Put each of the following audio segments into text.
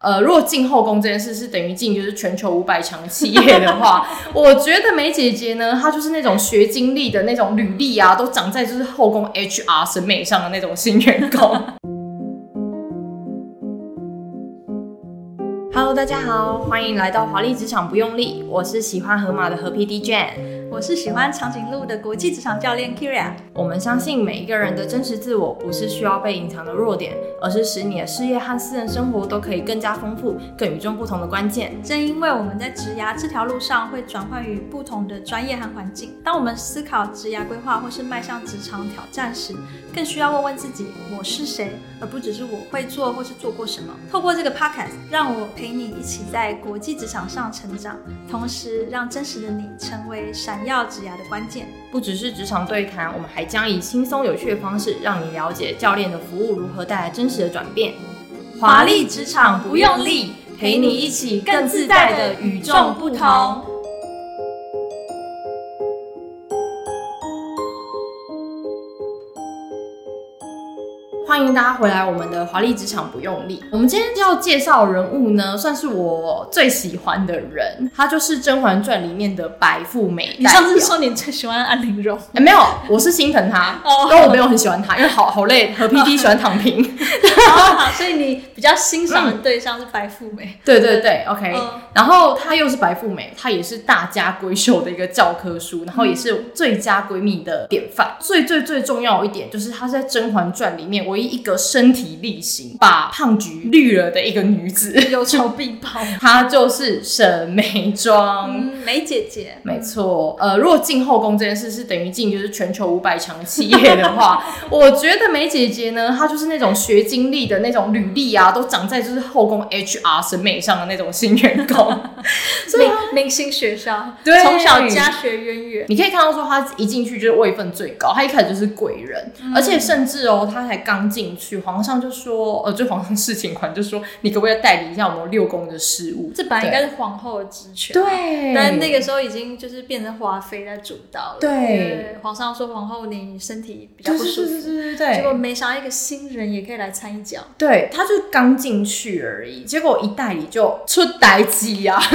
呃，如果進後宮這件事是等於進就是全球五百強企業的話， 我覺得眉姐姐呢，她就是那種學經歷的那種履歷啊，都長在就是後宮 HR 審美上的那種新員工。 Hello，大家好，歡迎來到華麗職場不用力，我是喜歡河馬的河 PD Jane。我是喜歡長頸鹿的國際職場教練 Kyria。我們相信每一個人的真實自我不是需要被隱藏的弱點，而是使你的事業和私人生活都可以更加豐富、更與眾不同的關鍵。正因為我們在職涯這條路上會轉換於不同的專業和環境，當我們思考職涯規劃或是邁向職場挑戰時，更需要問問自己：我是誰？而不只是我會做或是做過什麼。透過這個 podcast，讓我陪你一起在國際職場上成長，同時讓真實的你成為閃耀職涯的關鍵。不只是職場對談，我們還將以輕鬆有趣的方式，讓你了解教練的服務如何帶來真實的轉變。華麗職場不用力，陪你一起更自在地與眾不同。歡迎大家回來！我們的華麗職場不用力。我們今天要介紹人物呢，算是我最喜歡的人，他就是《甄嬛傳》裡面的白富美。你上次說你最喜歡安陵容，欸、沒有？我是心疼她，哦，但我沒有很喜歡她，因為好好累，河 PD 喜歡躺平、哦 哦好好。所以你比較欣賞的對象是白富美。嗯、對對對，OK、嗯。然後她又是白富美，她也是大家閨秀的一個教科書，然後也是最佳閨蜜的典範。最、嗯、最最重要一點就是她是在《甄嬛傳》裡面唯一。一個身體力行把胖橘綠了的一個女子，有仇必報。 她就是沈眉莊、嗯，眉姐姐，沒錯。呃，如果進後宮這件事是等於進就是全球五百強企業的話， 我覺得眉姐姐呢，她就是那種學經歷的那種履歷啊，都長在就是後宮 HR 審美上的那種新員工，所 以明、明星學校，對，從小家學淵源。你可以看到說，她一進去就是位分最高，她一開始就是貴人、嗯，而且甚至哦、喔，她才剛進，進去，皇上就說，呃、哦，就皇上事情款就說，你可不可以代理一下我們六宮的事務？這本來應該是皇後的職權、啊，對。但那個時候已經就是變成華妃在主導了。對，皇上說皇後，你身體比較不舒服，對對，結果沒想到一個新人也可以來參一腳。對，他就剛進去而已，結果一代理就出代誌啊！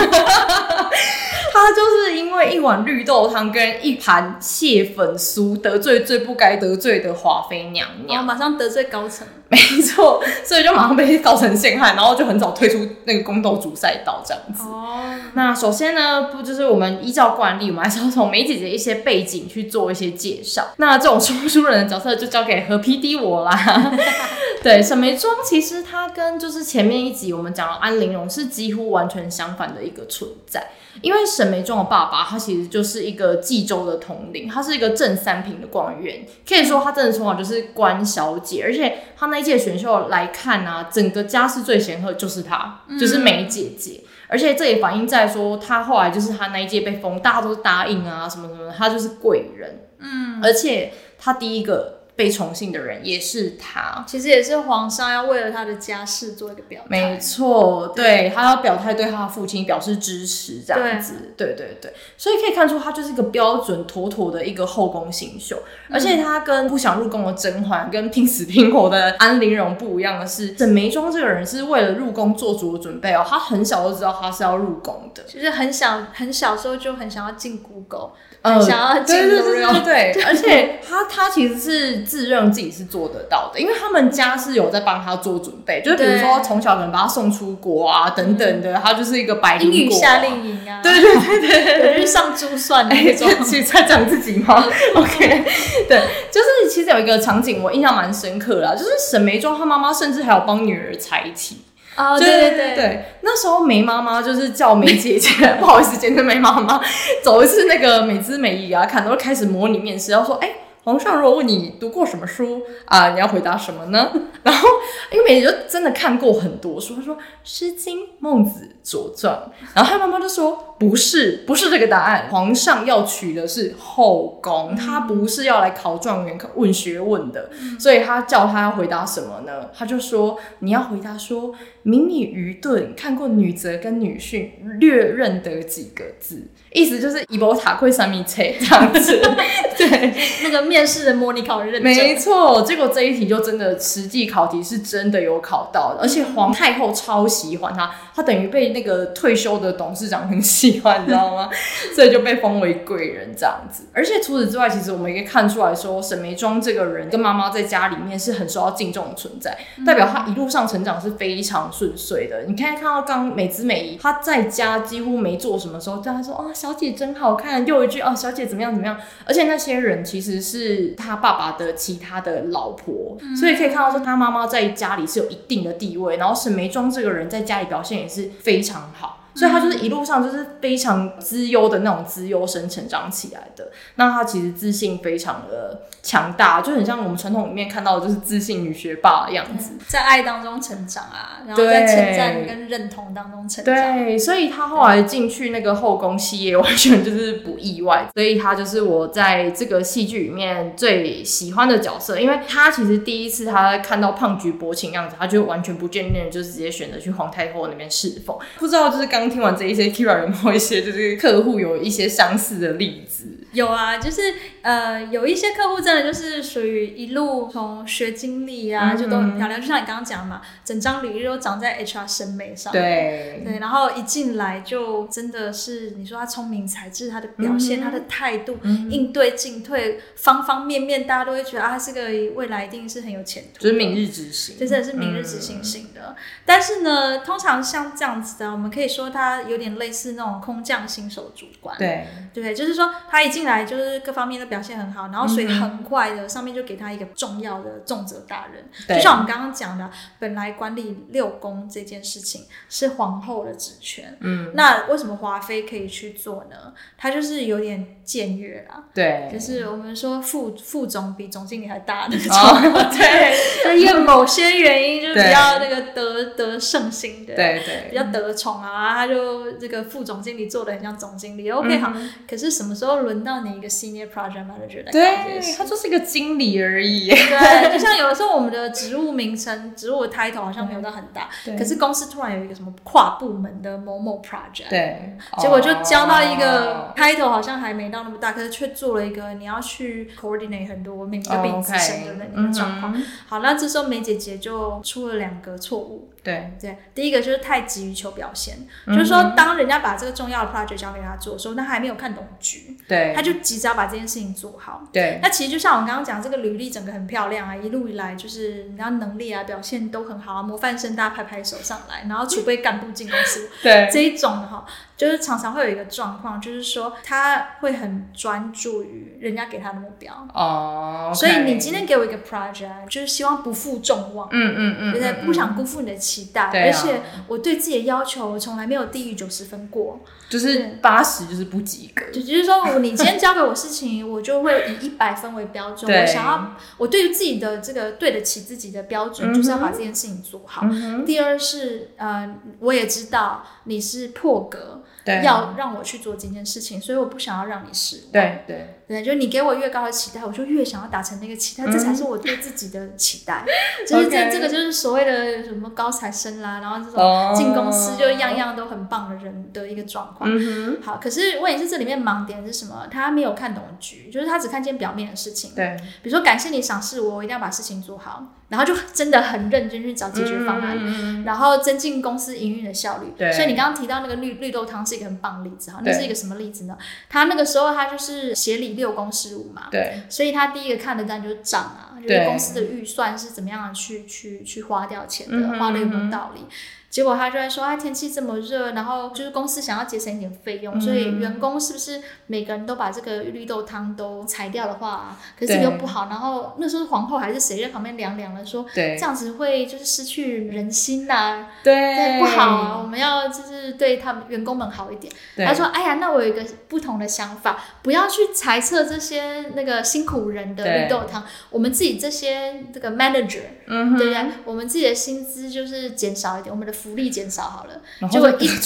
他就是因為一碗綠豆湯跟一盤蟹粉酥得罪最不該得罪的華妃娘娘、哦，馬上得罪。高層沒錯，所以就馬上被高層陷害，然後就很早退出那個宮鬥主賽道這樣子。Oh. 那首先呢，不就是我們依照慣例，我們還是要從眉姐姐一些背景去做一些介紹。那這種說書人的角色就交給何 PD 我啦。 對，沈眉莊其實她跟就是前面一集我們講的安陵容是幾乎完全相反的一個存在。因為沈眉莊的爸爸，他其實就是一個濟州的統領，他是一個正三品的官員，可以說他真的從小就是官小姐，而且他那一屆選秀來看啊，整個家世最顯赫就是他，嗯、就是眉姐姐，而且這也反映在說他後來就是他那一屆被封，大家都答應啊什麼什麼的，他就是貴人，嗯，而且他第一個被寵幸的人也是他，其實也是皇上要為了他的家世做一個表態。沒錯，對，對他要表態，對他的父親表示支持，這樣子對。對對對，所以可以看出他就是一個標準、妥妥的一個後宮新秀，嗯。而且他跟不想入宮的甄嬛，跟拼死拼活的安陵容不一樣的是，沈眉莊這個人是為了入宮做足了準備哦。他很小都知道他是要入宮的，其實很想，很小時候就很想要進 Google 嗯，對對對對對， 對，而且他他其實是自認自己是做得到的，因為他們家是有在幫他做準備，就比如說從小可能把他送出國啊等等的，他就是一個白、啊、英語夏令營啊，對對對對，去、 就是、上珠算那，哎、欸，去在講自己嗎 對 o、okay, k 對，就是其實有一個場景我印象蠻深刻啦，就是沈眉莊她媽媽甚至還有幫女兒猜題。啊、uh，對對對對，那時候眉媽媽就是叫眉姐姐。 不好意思，今天眉媽媽，走一次那個美姿美意給她看，都會開始模擬面試，然後說，哎，皇上如果問你讀過什麼書啊，你要回答什麼呢？然後因為眉姐就真的看過很多書，她說《詩經》《孟子》《左傳》，然後她媽媽就說。不是，不是這個答案。皇上要娶的是後宮，他不是要來考狀元、考問學問的，所以他叫他要回答什麼呢？他就說：“你要回答說，說明你愚鈍，看過女則跟女訓，略認得幾個字。”意思就是一波塔虧三米七這樣子。 對，那個面試的模擬考認得。沒錯，結果這一題就真的，實際考題是真的有考到的，而且皇太后超喜歡她，她等於被那個退休的董事長很喜歡。喜歡，你知道嗎？所以就被封為貴人這樣子。而且除此之外，其實我們也可以看出來說，沈眉莊這個人跟媽媽在家裡面是很受到敬重的存在，嗯、代表他一路上成長是非常順遂的。你可以看到，剛美姿美儀，他在家幾乎沒做什麼，時候叫他說啊、哦，小姐真好看，又一句哦，小姐怎麼樣怎麼樣。而且那些人其實是他爸爸的其他的老婆，所以可以看到說他媽媽在家裡是有一定的地位，然後沈眉莊這個人在家裡表現也是非常好。所以他就是一路上就是非常資優的那種資優生成長起來的，那他其實自信非常的強大，就很像我們傳統裡面看到的就是自信女學霸的樣子，嗯，在愛當中成長啊，然後在稱讚跟認同當中成長。對，對，所以他後來進去那個後宮戲也完全就是不意外，所以他就是我在這個戲劇裡面最喜歡的角色，因為他其實第一次他看到胖橘薄情樣子，他就完全不眷戀，就直接選擇去皇太后那邊侍奉，不知道就是剛。聽完這一些，Kyria 有沒有一些就是客戶有一些相似的例子？有啊，就是呃，有一些客戶真的就是屬於一路從學經歷啊，就都很漂亮。嗯嗯，就像你剛剛講嘛，整張履歷都長在 HR 審美上。對對，然後一進來就真的是，你說他聰明才智，他的表現，嗯嗯，他的態度，嗯嗯，應對進退，方方面面，大家都會覺得啊，他是個未來一定是很有前途，就是明日之星，真的是明日之星型的，嗯。但是呢，通常像這樣子的，我們可以說他有點類似那種空降新手主管，對對，就是說他已經。來就是各方面都表現很好，然後所以很快的、嗯、上面就給他一個重要的重責大任。就像我們剛剛講的，本來管理六宮這件事情是皇後的職權，嗯，那為什麼華妃可以去做呢？她就是有點僭越了，對，就是我們說副副總比總經理還大那、oh. 對，因為某些原因就比較那個得得聖心的，對對，比較得寵啊、嗯，他就這個副總經理做的很像總經理、嗯、，OK 好，可是什麼時候輪到？讓你一個 senior project manager 來幹，對，他就是一個經理而已。 對，就像有的時候我們的職務名稱、職務 title 好像沒有到很大、嗯，可是公司突然有一個什麼跨部門的某某 project，對，結果就交到一個 title 好像還沒到那麼大，哦、可是卻做了一個你要去 coordinate 很多，每個人子的那個狀況。好，那這時候眉姐姐就出了兩個錯誤。對對，第一個就是太急於求表現，嗯、就是說，當人家把這個重要的 project 交給他做的時候，那他還沒有看懂局，對，他就急着要把這件事情做好。對，那其實就像我剛剛講，這個履歷整個很漂亮啊，一路以來就是人家能力啊、表現都很好啊，模範生，大家拍拍手上來，然後儲備幹部進公司。 對，這一種的話，就是常常會有一個狀況，就是說他會很專注於人家給他的目標。哦、oh, okay，所以你今天給我一個 project，就是希望不負眾望。嗯嗯嗯，嗯，嗯，嗯，嗯，對、就是，不想辜負你的期期待，而且我對自己的要求從來沒有低於九十分過，就是八十就是不及格。嗯、就，就是說，你今天交給我事情， 我就會以一百分為標準，對。我想要，我對於自己的這個對得起自己的標準，嗯，就是要把這件事情做好。嗯、第二是，嗯、呃，我也知道你是破格。對，要讓我去做這件事情，所以我不想要讓你失望。對對對，就是你給我越高的期待，我就越想要達成那個期待，嗯，這才是我對自己的期待。 就是這這個就是所謂的什麼高材生啦，啊，然後這種進公司就樣樣都很棒的人的一個狀況。嗯，好，可是問題是這裡面盲點是什麼？他沒有看懂局，就是他只看見表面的事情。對，比如說感謝你賞識我，我一定要把事情做好。然後就真的很認真去找解決方案，嗯、然後增進公司營運的效率。對，所以你剛剛提到那個綠綠豆湯是一個很棒的例子哈，那是一個什麼例子呢？他那個時候他就是協理六宮事務嘛，對，所以他第一個看的單就是賬啊，就是公司的預算是怎麼樣去去去花掉錢的，嗯、花了一個道理。嗯嗯嗯結果他就在說啊，天氣這麼熱，然後就是公司想要節省一點費用，嗯、所以員工是不是每個人都把這個綠豆湯都裁掉的話、啊，可是又不好。然後那時候皇後還是誰在旁邊涼涼了說，說這樣子會就是失去人心吶、啊，對不好啊。我們要就是對他們員工們好一點對。他說，哎呀，那我有一個不同的想法，不要去裁撤這些那個辛苦人的綠豆湯，我們自己這些這個 manager，、嗯、對呀、啊，我們自己的薪資就是減少一點，我們的。福利減少好了。結果一減，對，就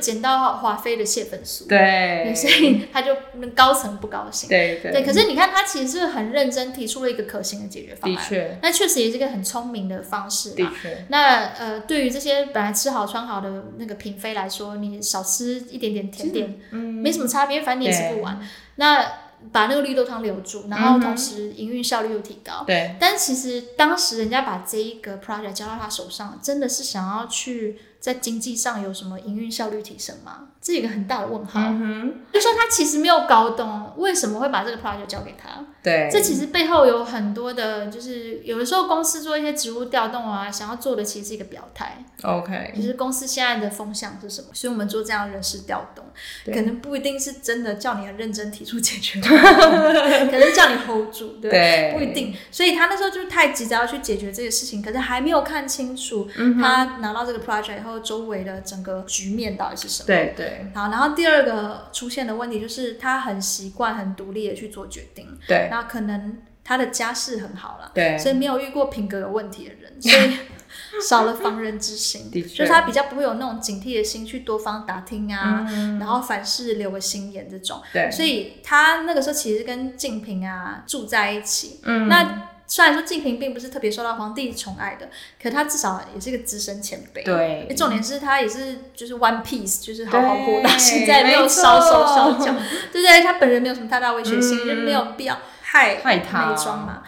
減到華妃的蟹粉酥，對，所以他就高層不高興，對，對，對，對。可是你看他其實是很認真提出了一個可行的解決方案。的確，那確實也是一個很聰明的方式，的確。那呃，對於這些本來吃好穿好的那個嬪妃來說，你少吃一點點甜點，嗯，沒什麼差別，反正你也吃不完。那。把那個綠豆湯留住，然後同時營運效率又提高。嗯嗯對，但其實當時人家把這一個 project 交到他手上，真的是想要去在經濟上有什麼營運效率提升嗎？是一個很大的問號，嗯哼。就說他其實沒有搞懂為什麼會把這個 project 交給他。對，這其實背後有很多的，就是有的時候公司做一些職務調動啊，想要做的其實是一個表態。OK，就是公司現在的風向是什麼？所以我們做這樣人事調動，可能不一定是真的叫你很認真提出解決方案，可能是叫你 hold 住。對，對，不一定。所以他那時候就太急着要去解決這個事情，可是還沒有看清楚，他拿到這個 project 以後，嗯、周圍的整個局面到底是什麼？對對。好，然後第二個出現的問題就是他很習慣、很獨立的去做決定。對，那可能他的家世很好了，對，所以沒有遇過品格有問題的人，所以 少了防人之心， 就是他比較不會有那種警惕的心去多方打聽啊、嗯，然後凡事留個心眼這種。對，所以他那個時候其實跟靜平啊住在一起，嗯，那。雖然說敬嬪並不是特別受到皇帝寵愛的，可是他至少也是個資深前輩。對，重點是他也是就是 one piece，就是好好活到現在沒有燒手燒腳，嗯、對，對對，他本人沒有什麼太大威脅性，就沒有必要。害害他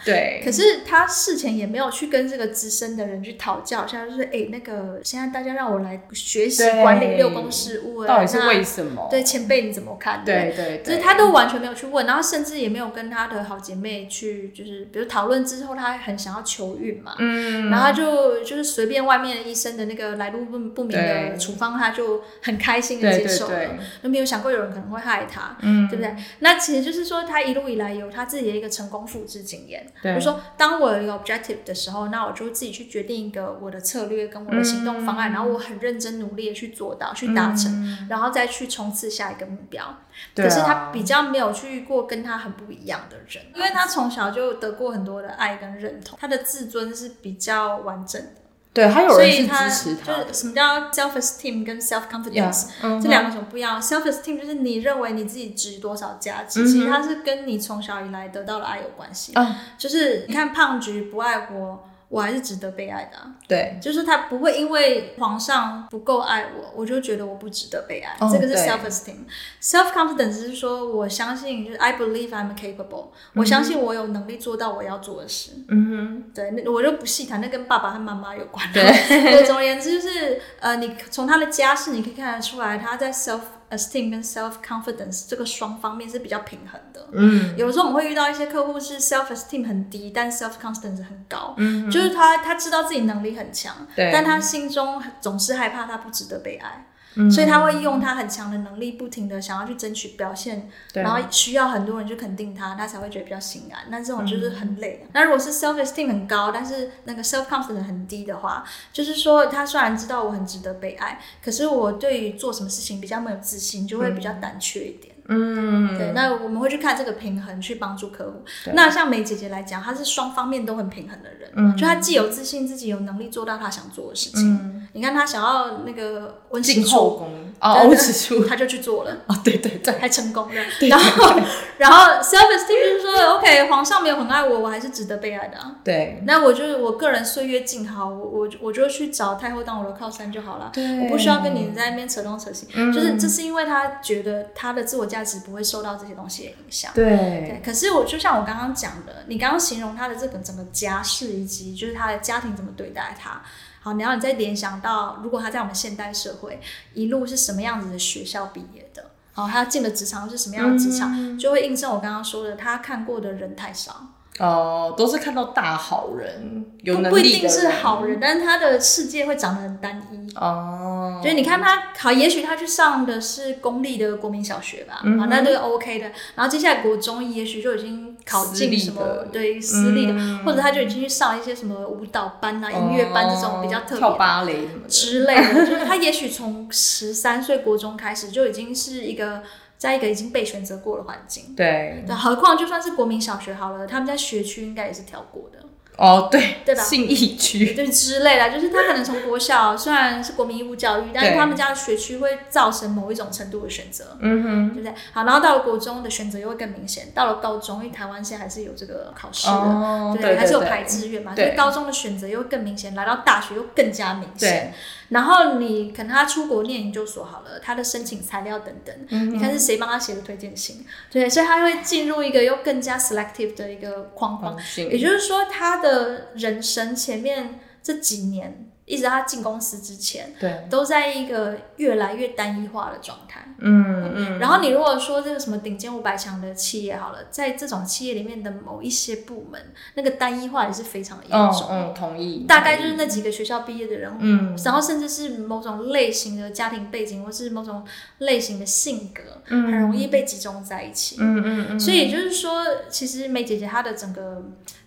對。可是他事前也沒有去跟這個資深的人去討教，像、就是哎、欸，那個現在大家讓我來學習管理六宮事務，到底是為什麼？對前輩你怎麼看？對對對,對。所以他都完全沒有去問，然後甚至也沒有跟他的好姐妹去，就是比如討論之後，她很想要求孕嘛、嗯，然後他就就是隨便外面醫生的那個來路不不明的處方，他就很開心的接受了，都沒有想過有人可能會害他，嗯、對不對？那其實就是說，他一路以來有他自己。一個成功複製經驗，比如說，當我有 objective 的時候，那我就自己去決定一個我的策略跟我的行動方案，嗯、然後我很認真努力的去做到，嗯、去達成，然後再去衝刺下一個目標、啊。可是他比較沒有去過跟他很不一樣的人，因為他從小就得過很多的愛跟認同，他的自尊是比較完整的。對，還有人支持他，所以他。就是什麼叫 self-esteem 跟 self-confidence、yeah, uh -huh. 這兩個麼不一樣？self-esteem 就是你認為你自己值多少價值，其實它是跟你從小以來得到的愛有關係。Uh -huh. 就是你看胖菊不愛國。我還是值得被愛的，對，就是他不會因為皇上不夠愛我，我就覺得我不值得被愛，哦、這個是 self-esteem，self-confidence 是說我相信，就是 I believe I'm capable，、嗯、我相信我有能力做到我要做的事。嗯哼，對，那我就不細談，那跟爸爸和媽媽有關。對，對，總而言之就是，呃，你從他的家世你可以看得出來，他在 self。esteem 跟 self confidence 這個雙方面是比較平衡的。嗯，有時候我們會遇到一些客戶是 self esteem 很低，但 self confidence 很高。嗯,嗯，就是他他知道自己能力很強，但他心中總是害怕他不值得被愛。嗯、所以他會用他很強的能力，不停的想要去爭取表現，嗯，然後需要很多人去肯定他，他才會覺得比較心安。那這種就是很累，嗯。那如果是 self-esteem 很高，但是那個 self-confidence 很低的話，就是說他雖然知道我很值得被愛，可是我對於做什麼事情比較沒有自信，就會比較膽怯一點。嗯嗯，對，那我們會去看這個平衡，去幫助客戶。那像眉姐姐來講，她是雙方面都很平衡的人、嗯，就她既有自信，自己有能力做到她想做的事情。嗯、你看，她想要那個溫馨，進後宮。哦、啊啊，我指出，嗯、他就去做了啊，對對對，還成功了。對對對對，然後， 然後，self-esteem 就是說，OK，皇上沒有很愛我，我還是值得被愛的，啊。對，那我就是我個人歲月靜好，我我我就去找太后當我的靠山就好了。對，我不需要跟你在那邊扯東扯西。嗯，就是這是因為他覺得他的自我價值不會受到這些東西的影響，對對。對,可是我就像我剛剛講的,你剛剛形容他的這個整個家世以及就是他的家庭怎麼對待他。好，然後你再聯想到，如果他在我們現代社會，一路是什麼樣子的學校畢業的？好、哦，他進了職場又是什麼樣的職場，嗯？就會印證我剛剛說的，他看過的人太少。哦，都是看到大好人，有的人不，不一定是好人，但是他的世界會長得很單一。哦，所以你看他好，也許他去上的是公立的國民小學吧，啊、嗯，那這個 OK 的。然後接下來國中，也許就已經。考進什麼對私立的，私立的，嗯，或者他就已經去上一些什麼舞蹈班啊、嗯、音樂班這種比較特別、哦、跳芭蕾什麼的之類的。 就是他也許從十三歲國中開始就已經是一個在一個已經被選擇過的環境。對，對何況就算是國民小學好了，他們家學區應該也是挑過的。哦、oh，對，對吧？信義區，對，之類的，就是他可能從國校， 雖然是國民義務教育，但是他們家的學區會造成某一種程度的選擇，嗯哼，對不對？好，然後到了國中的選擇又會更明顯，到了高中，因為台灣現在還是有這個考試的，oh, 對,對,對,對,對，還是有排志願嘛對，所以高中的選擇又會更明顯，來到大學又更加明顯。然後你可能他出國念研究所好了，他的申請材料等等，嗯、你看是誰幫他寫的推薦信、嗯？對，所以他會進入一個又更加 selective 的一個框框，也就是說他的。的人生前面這幾年，一直到他進公司之前，對，都在一個越來越單一化的狀態。嗯嗯。然後你如果說這個什麼頂尖五百強的企業好了，在這種企業裡面的某一些部門，那個單一化也是非常嚴重。哦、嗯同意，同意。大概就是那幾個學校畢業的人，嗯，然後甚至是某種類型的家庭背景，或是某種類型的性格，嗯，很容易被集中在一起。嗯嗯，嗯，嗯。所以就是說，其實眉姊姊她的整個。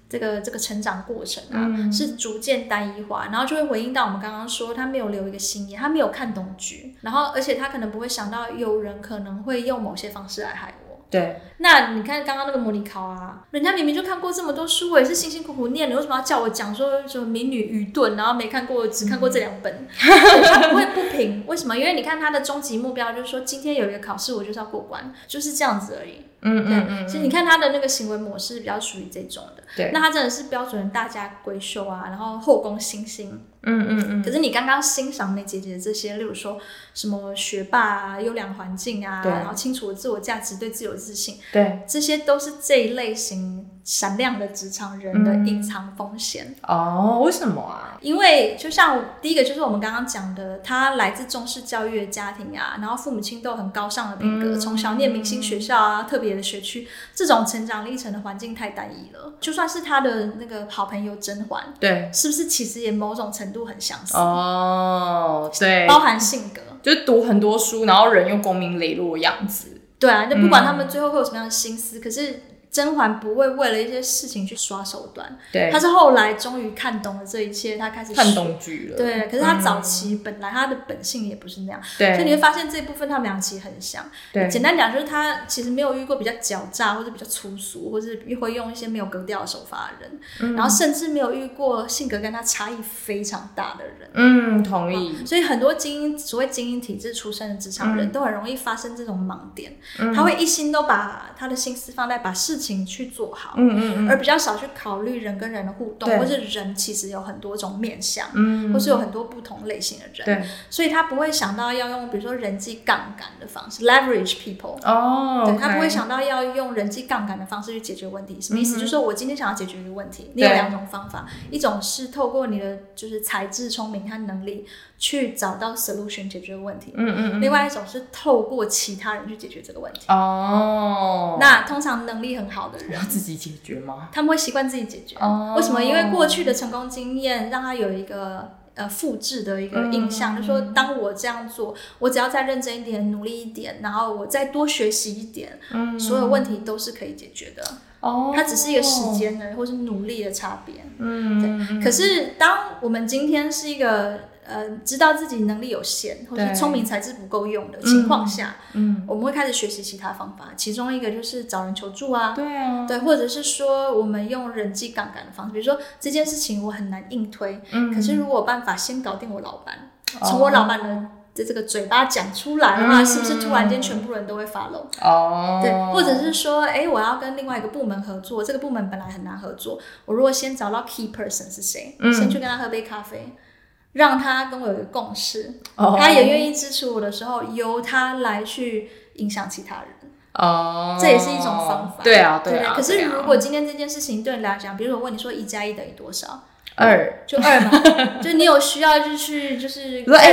這個這個成長過程啊，mm -hmm. 是逐漸單一化，然後就會回應到我們剛剛說他沒有留一個心眼，他沒有看懂局，然後而且他可能不會想到有人可能會用某些方式來害我。對，那你看剛剛那個模擬考啊，人家明明就看過這麼多書，我也是辛辛苦苦念的，為什麼要叫我講說什麼、就是、民女愚鈍，然後沒看過，只看過這兩本， 他不會不平？為什麼？因為你看他的終極目標就是說，今天有一個考試，我就是要過關，就是這樣子而已。嗯,嗯,嗯,嗯，對，嗯，其實你看他的那個行為模式比較屬於這種的，對，那他真的是標準大家閨秀啊，然後後宮星星，嗯嗯嗯。可是你剛剛欣賞眉姊姊的這些，例如說什麼學霸啊、優良環境啊，然後清楚的自我價值、對自由自信，對，這些都是這一類型。閃亮的職場人的隱藏風險哦？嗯 oh, 為什麼啊？因為就像第一個，就是我們剛剛講的，他來自中式教育的家庭呀、啊，然後父母親都很高尚的品格，從、嗯、小念明星學校啊，特別的學區，這種成長歷程的環境太單一了。就算是他的那個好朋友甄嬛，對，是不是其實也某種程度很相似？哦、oh,，對，包含性格，就是讀很多書，然後人又光明磊落的樣子。對啊，那不管他們最後會有什麼樣的心思，嗯、可是。甄嬛不會為了一些事情去耍手段，對，她是後來終於看懂了這一切，她開始看懂局了，對。可是她早期本來她的本性也不是那樣，對、嗯。所以你會發現這一部分他們倆其實很像，對。簡單講就是她其實沒有遇過比較狡詐或者比較粗俗，或者會用一些沒有格調的手法的人，嗯。然後甚至沒有遇過性格跟她差異非常大的人，嗯，同意。所以很多精英，所謂精英體制出身的職場人、嗯、都很容易發生這種盲點、嗯，他會一心都把他的心思放在把事，去做好，嗯嗯，而比較少去考慮人跟人的互動，嗯嗯，或是人其實有很多種面向，嗯，嗯，或是有很多不同類型的人，嗯嗯，所以他不會想到要用，比如說人際槓桿的方式，leverage people，哦，對、okay、他不會想到要用人際槓桿的方式去解決問題。什麼意思？嗯嗯，就是說我今天想要解決一個問題，嗯嗯，你有兩種方法，一種是透過你的就是才智、聰明和能力去找到 solution 解決問題，嗯，嗯嗯，另外一種是透過其他人去解決這個問題。哦，那通常能力很好，要自己解決嗎？他們會習慣自己解決。Oh. 為什麼？因為過去的成功經驗讓他有一個呃複製的一個印象，mm -hmm. 就是說當我這樣做，我只要再認真一點、努力一點，然後我再多學習一點，mm -hmm. 所有問題都是可以解決的。哦、oh.，它只是一個時間的或是努力的差別。嗯、mm -hmm.，對。可是當我們今天是一個。呃，知道自己能力有限，或是聰明才智不夠用的情況下，嗯，我們會開始學習其他方法，嗯。其中一個就是找人求助啊，對啊，對，或者是說我們用人際槓桿的方式，比如說這件事情我很難硬推，嗯，可是如果辦法先搞定我老板，哦，從我老闆的這個嘴巴講出來的話，嗯，是不是突然間全部人都會 follow？哦，對，或者是說，哎，我要跟另外一個部門合作，這個部門本來很難合作，我如果先找到 key person 是誰，嗯，先去跟他喝杯咖啡。讓他跟我有一個共識，oh. 他也願意支持我的時候，由他來去影響其他人。哦、oh.，這也是一種方法。Oh. 對啊，對,啊對,對,對啊可是如果今天這件事情對你來講，比如我問你說“一加一等於多少”，二就二嘛。 就你有需要就去，就是， 就是 對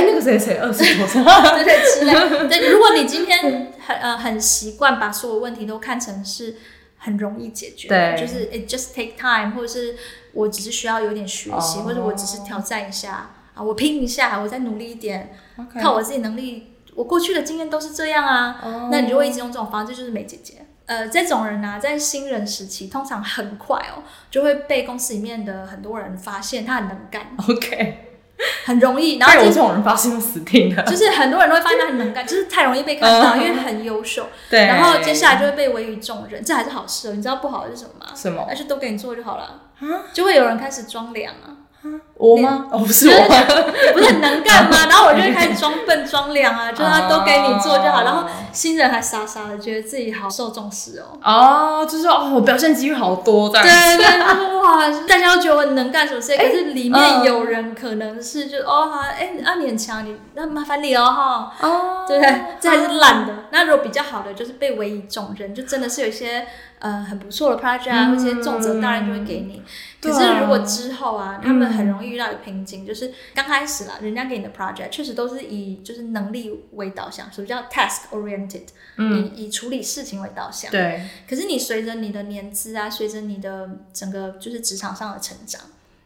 對如果你今天很呃很習慣把所有問題都看成是很容易解決，對就是 “it just take time” 或者是我只是需要有點學習，oh. 或者我只是挑戰一下。啊，我拼一下，我再努力一點，okay. 靠我自己能力，我過去的經驗都是這樣啊。Oh. 那你就會一直用這種方式，就是眉姐姐，呃，這種人呢、啊，在新人時期通常很快哦，就會被公司裡面的很多人發現他很能幹。OK，很容易。然後有、就是、這種人發現就死定了，就是很多人都會發現他很能幹， 就是太容易被看到，oh. 因為很優秀。對，然後接下來就會被委以重任，這還是好事、哦。你知道不好的是什麼嗎？什麼？那就都給你做就好了、huh? 就會有人開始裝涼啊。我嗎、欸？哦，不是我嗎，嗎、就是？不是很能幹嗎？ 然後我就開始裝笨裝涼啊， 就他都給你做就好。然後新人還傻傻的，覺得自己好受重視哦。 哦，就是哦，表現機會好多，對對對，對 哇，大家都覺得我很能幹，什麼事、欸、可是裡面有人可能是就、欸、哦，哎、欸啊，那你很強，你那麻煩你哦，哈，哦，對對，這還是爛的、啊。那如果比較好的，就是被委以重任，就真的是有一些。呃，很不錯的 project 啊，這些重責當然就會給你，嗯。可是如果之後啊，啊他們很容易遇到一個瓶頸，就是剛開始啦，人家給你的 project 確實都是以就是能力為導向，什麼叫 task oriented？嗯，以以處理事情為導向。對。可是你隨着你的年資啊，隨着你的整個就是職場上的成長，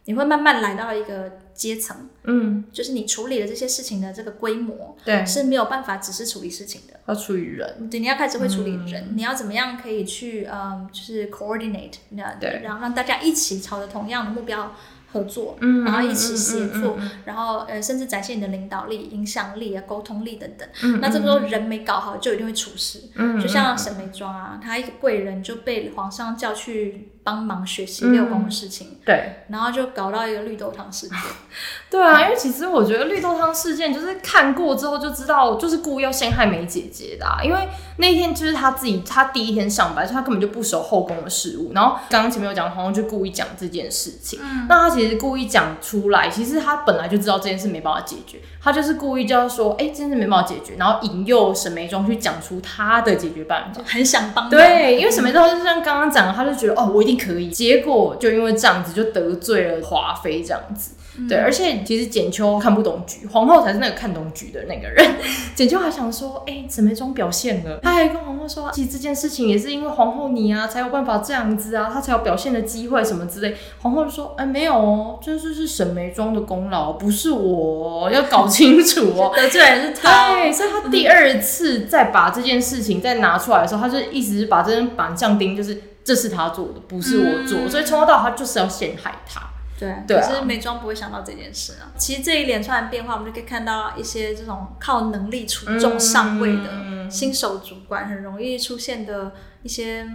你會慢慢來到一個。階層，嗯，就是你處理的這些事情的這個規模，對，是沒有辦法只是處理事情的，要處理人，對，你要開始會處理人，嗯、你要怎麼樣可以去，嗯、um,，就是 coordinate，那對，然後讓大家一起朝着同樣的目標合作，嗯，然後一起協作、嗯嗯嗯，然後呃，甚至展現你的領導力、影響力啊、溝通力等等嗯。嗯，那這個時候人沒搞好，就一定會出事。嗯，就像沈眉莊啊，嗯、他一貴人就被皇上叫去。幫忙學習六宮的事情，嗯，對，然後就搞到一個綠豆湯事件。 對啊，嗯，因為其實我覺得綠豆湯事件就是看過之後就知道，就是故意要陷害眉姊姊的啊。因為那天就是他自己，他第一天上班，所以他根本就不熟後宮的事務。然後剛剛前面有講皇後就故意講這件事情，那，嗯、他其實故意講出來，其實他本來就知道這件事沒辦法解決，他就是故意就要說，哎，欸，這件事沒辦法解決，然後引誘沈眉莊去講出他的解決辦法，很想幫。對，因為沈眉莊就像剛剛講的，他就覺得哦，我一定。可以，結果就因為這樣子就得罪了華妃這樣子、嗯，對，而且其實剪秋看不懂局，皇后才是那個看懂局的那個人。 剪秋還想說，哎、欸，沈眉莊表現了，他、哎、還跟皇後說，其實這件事情也是因為皇后你啊，才有辦法這樣子啊，他才有表現的機會什麼之類。皇後就說，哎，沒有哦，這是是沈眉莊的功勞，不是我、哦、要搞清楚哦， 得罪還是他、哎。所以他第二次再把這件事情再拿出來的時候，嗯、他就一直把這根板上釘就是。這是他做的，不是我做，嗯，所以從頭到尾他就是要陷害他。對，對、啊，可是眉莊不會想到這件事啊。其實這一連串變化，我們就可以看到一些這種靠能力出眾上位的新手主管，嗯，很容易出現的一些。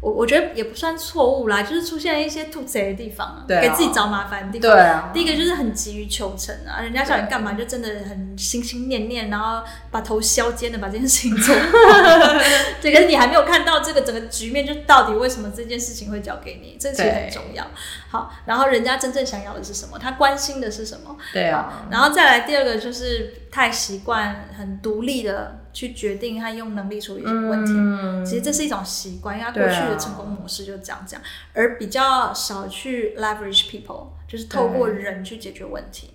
我我覺得也不算錯誤啦，就是出現一些凸槌的地方，對啊，給自己找麻煩的地方。對啊，第一個就是很急於求成啊，人家叫你幹嘛就真的很心心念念，然後把頭削尖的把這件事情做。 對，可是你還沒有看到這個整個局面，就到底為什麼這件事情會交給你，這是很重要。好，然後人家真正想要的是什麼，他關心的是什麼？對啊，然後再來第二個就是。太習慣很獨立的去決定，他用能力處理什麼問題。嗯、其實這是一種習慣，因為他過去的成功模式就是這樣。這樣、對哦，而比較少去 leverage people，就是透過人去解決問題。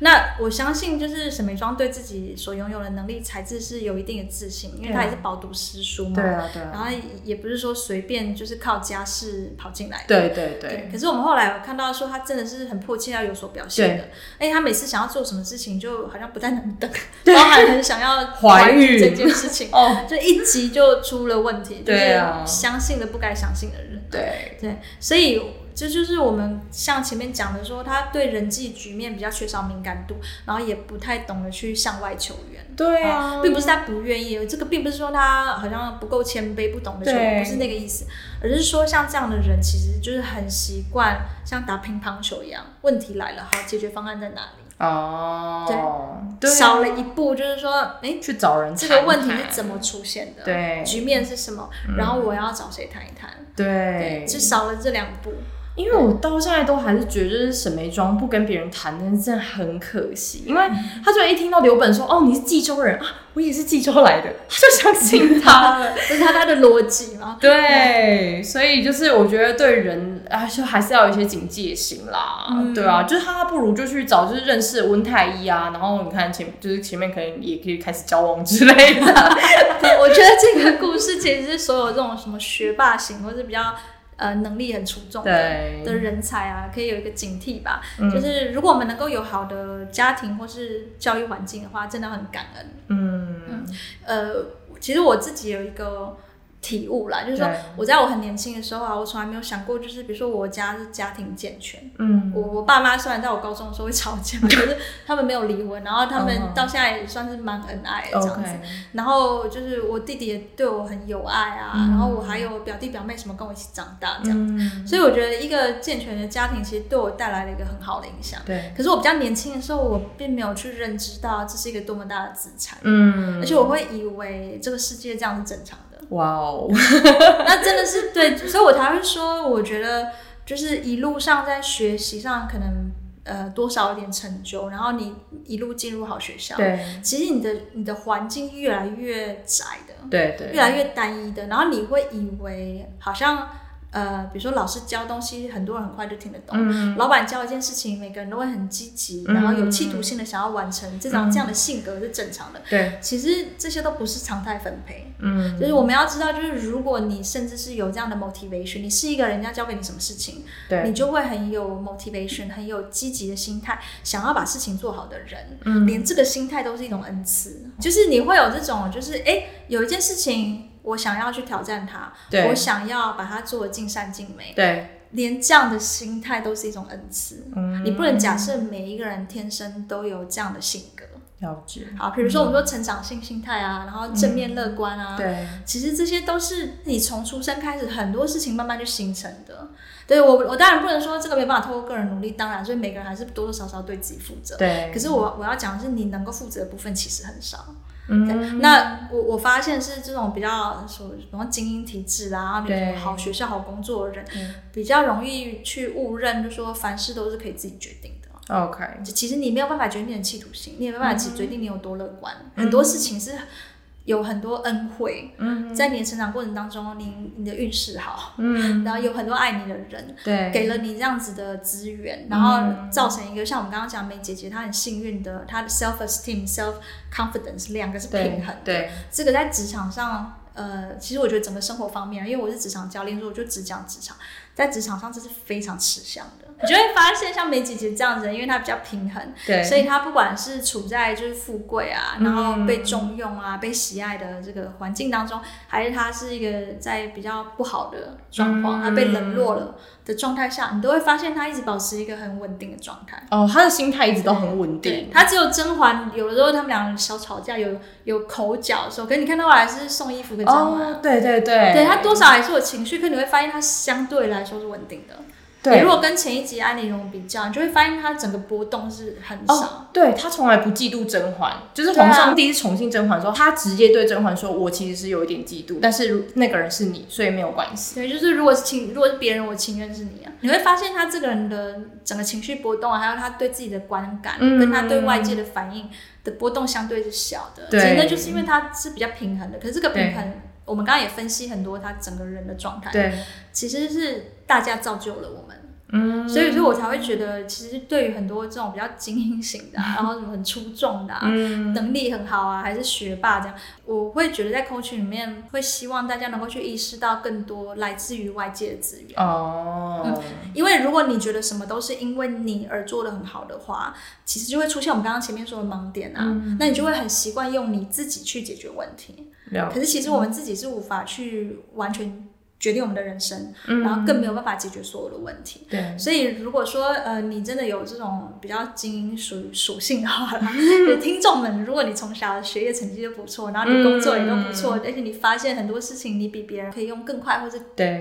那我相信，就是沈眉莊對自己所擁有的能力、才智是有一定的自信，啊、因為他也是飽讀詩書嘛。對啊，對啊。然後也不是說隨便就是靠家世跑進來的。對對對,對。可是我們後來有看到說，他真的是很迫切要有所表現的。哎、欸，他每次想要做什麼事情，就好像不太能等，然後還很想要懷,懷孕這件事情。哦，就一急就出了問題。對啊，就是、相信了不該相信的人。對、啊、對，所以。這就，就是我們像前面講的說，他對人際局面比較缺少敏感度，然後也不太懂得去向外求援。對啊，啊並不是他不願意、嗯，這個並不是說他好像不夠謙卑、不懂得求援，不是那個意思，而是說像這樣的人其實就是很習慣像打乒乓球一樣。問題來了，好，解決方案在哪裡？哦，對，對少了一步就是說，哎、欸，去找人。這個問題是怎麼出現的？對，局面是什麼？然後我要找誰談一談、嗯？對，就少了這兩步。因為我到現在都還是覺得就是沈眉莊不跟別人談，但是真的很可惜，因為他就一聽到劉本說、嗯、哦，你是冀州人啊，我也是冀州來的，他就相信他了，嗯啊，就是他他的邏輯嘛。對、嗯，所以就是我覺得對人啊就還是要有一些警戒心啦，嗯、對啊，就是他不如就去找就是認識溫太醫啊，然後你看前就是前面可能也可以開始交往之類的 對。我覺得這個故事其實是所有這種什麼學霸型或者是比較。呃，能力很出眾的、的人才啊，可以有一個警惕吧。嗯。就是如果我們能夠有好的家庭或是教育環境的話，真的很感恩。嗯，嗯、呃，其實我自己有一個。體悟啦，就是說，我在我很年輕的時候啊，我從來沒有想過，就是比如說，我家是家庭健全，嗯，我我爸媽雖然在我高中的時候會吵架， 可是他們沒有離婚，然後他們到現在也算是蠻恩愛的這樣子。Oh, okay. 然後就是我弟弟也對我很有愛啊，嗯，然後我還有表弟表妹什麼跟我一起長大這樣子，嗯，所以我覺得一個健全的家庭其實對我帶來了一個很好的影響。對，可是我比較年輕的時候，我並沒有去認知到這是一個多麼大的資產，嗯，而且我會以為這個世界這樣是正常。哇哦，那真的是對，所以我才會說，我覺得就是一路上在學習上可能呃多少有點成就，然後你一路進入好學校，對，其實你的你的環境越來越窄的，對，對對，越來越單一的，然後你會以為好像。呃，比如說老師教東西，很多人很快就聽得懂；嗯、老闆教一件事情，每個人都會很積極，嗯、然後有企圖心的想要完成。這種、嗯、這樣的性格是正常的。對，其實這些都不是常態分配。嗯，就是我們要知道，就是如果你甚至是有這樣的 motivation，你是一個人家教給你什麼事情，對，你就會很有 motivation，很有積極的心態，想要把事情做好的人，嗯、連這個心態都是一種恩賜。就是你會有這種，就是哎，有一件事情。我想要去挑戰它，我想要把它做得盡善盡美，對，連這樣的心態都是一種恩賜。嗯。你不能假設每一個人天生都有這樣的性格。了解，好，比如說我們說成長性心態啊，然後正面樂觀啊，對，嗯，其實這些都是你從出生開始很多事情慢慢就形成的。對，我，我當然不能說這個沒辦法透過個人努力，當然，所以每個人還是多多少少對自己負責。對，可是我我要講的是，你能夠負責的部分其實很少。嗯、okay. mm，-hmm. 那我我發現是這種比較什麼什麼精英體制啊，然後好學校好工作的人，比較容易去誤認，就說凡事都是可以自己決定的。OK，其實你沒有辦法決定你的企圖心，你也沒有辦法決定你有多樂觀，mm -hmm. 很多事情是。有很多恩惠，mm -hmm. 在你的成長過程當中，你你的運勢好，嗯、mm -hmm.，然後有很多愛你的人，對、mm -hmm.，給了你這樣子的資源，mm -hmm. 然後造成一個像我們剛剛講的眉姐姐，她很幸運的，她的 self esteem self confidence 兩個是平衡的，對。對，這個在職場上，呃，其實我覺得整個生活方面，因為我是職場教練，所以我就只講職場，在職場上這是非常吃香的。你就會發現，像眉姊姊這樣子，因為她比較平衡，對，所以她不管是處在就是富貴啊，然後被重用啊、嗯、被喜愛的這個環境當中，還是她是一個在比較不好的狀況、嗯，她被冷落了的狀態下，你都會發現她一直保持一個很穩定的狀態。哦，她的心態一直都很穩定。她只有甄嬛有的時候他們兩個小吵架，有有口角的時候，可是你看她還是送衣服給甄嬛。哦、對，對對對，對她多少還是有情緒，可是你會發現她相對來說是穩定的。你、欸、如果跟前一集安陵容比較，你就會發現他整個波動是很少。哦、對，他從來不嫉妒甄嬛，就是皇上第一次寵幸甄嬛的時候、啊，他直接對甄嬛說：“我其實是有一點嫉妒，但是那個人是你，所以沒有關係。”對，就是如果是情，如果是別人，我情願是你啊。你會發現他這個人的整個情緒波動啊，還有他對自己的觀感，跟他對外界的反應的波動相對是小的。對、嗯，那就是因為他是比較平衡的。可是這個平衡，我們剛剛也分析很多，他整個人的狀態，對，其實是。大家造就了我們，嗯、所以說我才會覺得，其實對於很多這種比較精英型的、啊，然後什麼很出眾的、啊嗯，能力很好啊，還是學霸這樣，我會覺得在 coaching 裡面會希望大家能夠去意識到更多來自於外界的資源。哦，嗯，因為如果你覺得什麼都是因為你而做得很好的話，其實就會出現我們剛剛前面說的盲點啊，嗯、那你就會很習慣用你自己去解決問題。可是其實我們自己是無法去完全。決定我們的人生，嗯，然後更沒有辦法解決所有的問題。對，所以如果說呃，你真的有這種比較精英屬於屬性的話， 聽眾們，如果你從小學業成績就不錯，然後你工作也都不錯，嗯，而且你發現很多事情你比別人可以用更快或者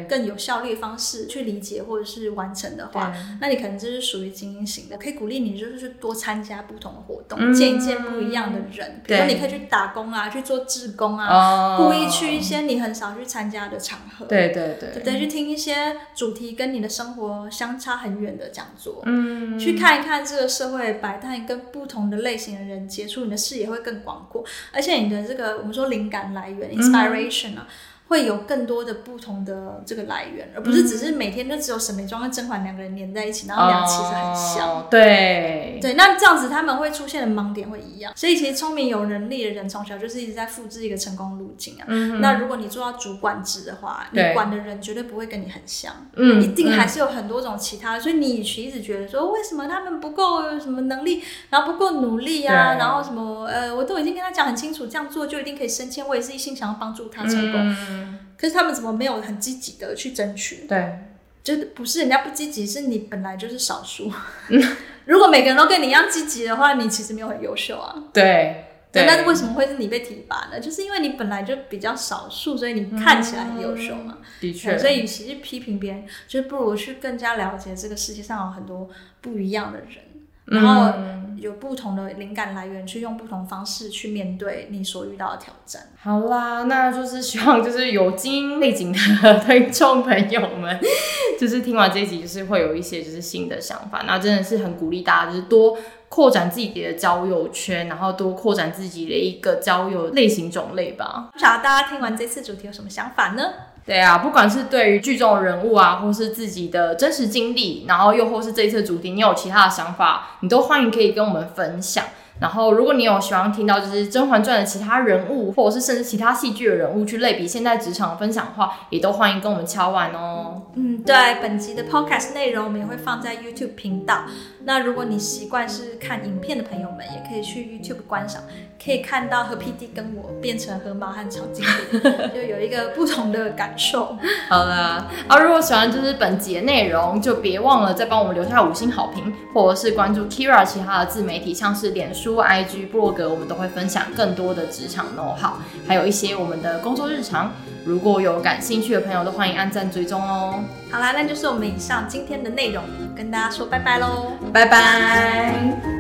更有效率的方式去理解或者是完成的話，那你可能就是屬於精英型的。可以鼓勵你就是去多參加不同的活動，嗯、見一見不一樣的人。對，比如你可以去打工啊，去做志工啊，哦，故意去一些你很少去參加的場合。對。對對對，對對，去聽一些主題跟你的生活相差很遠的講座，嗯、去看一看這個社會百態，跟不同的類型的人接觸，你的視野會更廣闊，而且你的這個我們說靈感來源、嗯、（inspiration） 呢、啊。會有更多的不同的這個來源，而不是只是每天、嗯、就只有沈眉莊跟甄嬛兩個人黏在一起，然後倆其實很像。Oh, 對對，那這樣子他們會出現的盲點會一樣，所以其實聰明有能力的人從小就是一直在複製一個成功路徑啊嗯嗯。那如果你做到主管職的話，你管的人絕對不會跟你很像，嗯嗯一定還是有很多種其他的。所以你其實覺得說為什麼他們不夠什麼能力，然後不夠努力啊，然後什麼呃，我都已經跟他講很清楚，這樣做就一定可以升遷，我也是一心想要幫助他成功。嗯可是他們怎麼沒有很積極的去爭取？對，就是不是人家不積極，是你本來就是少數。 如果每個人都跟你一樣積極的話，你其實沒有很優秀啊。對，對。但是為什麼會是你被提拔呢？嗯、就是因為你本來就比較少數，所以你看起來很優秀嘛。嗯、的確。所以，與其去批評別人，就不如去更加了解這個世界上有很多不一樣的人。然後有不同的靈感來源，嗯、去用不同方式去面對你所遇到的挑戰。好啦，那就是希望就是有精英背景的聽眾朋友們， 就是聽完這一集就是會有一些就是新的想法。那真的是很鼓勵大家，就是多擴展自己的交友圈，然後多擴展自己的一個交友類型種類吧。不曉得大家聽完這次主題有什麼想法呢？對啊，不管是對於劇中的人物啊，或是自己的真實經歷，然後又或是這一次主題，你有其他的想法，你都歡迎可以跟我們分享。然後，如果你有喜歡聽到就是《甄嬛傳》的其他人物，或者是甚至其他戲劇的人物去類比現在職場的分享的話，也都歡迎跟我們敲碗哦。嗯，對，本集的 Podcast 內容我們也會放在 YouTube 頻道。那如果你習慣是看影片的朋友們，也可以去 YouTube 觀賞，可以看到河 PD 跟我變成河馬和長頸鹿 就有一個不同的感受。 好了，啊，如果喜歡就是本集的內容，就別忘了再幫我們留下五星好評，或者是關注 Kyria 其他的自媒體，像是臉書。書 IG 部落格，我們都會分享更多的職場 know how 還有一些我們的工作日常。如果有感興趣的朋友，都歡迎按贊追蹤哦。好啦，那就是我們以上今天的內容，跟大家說拜拜嘍，拜拜。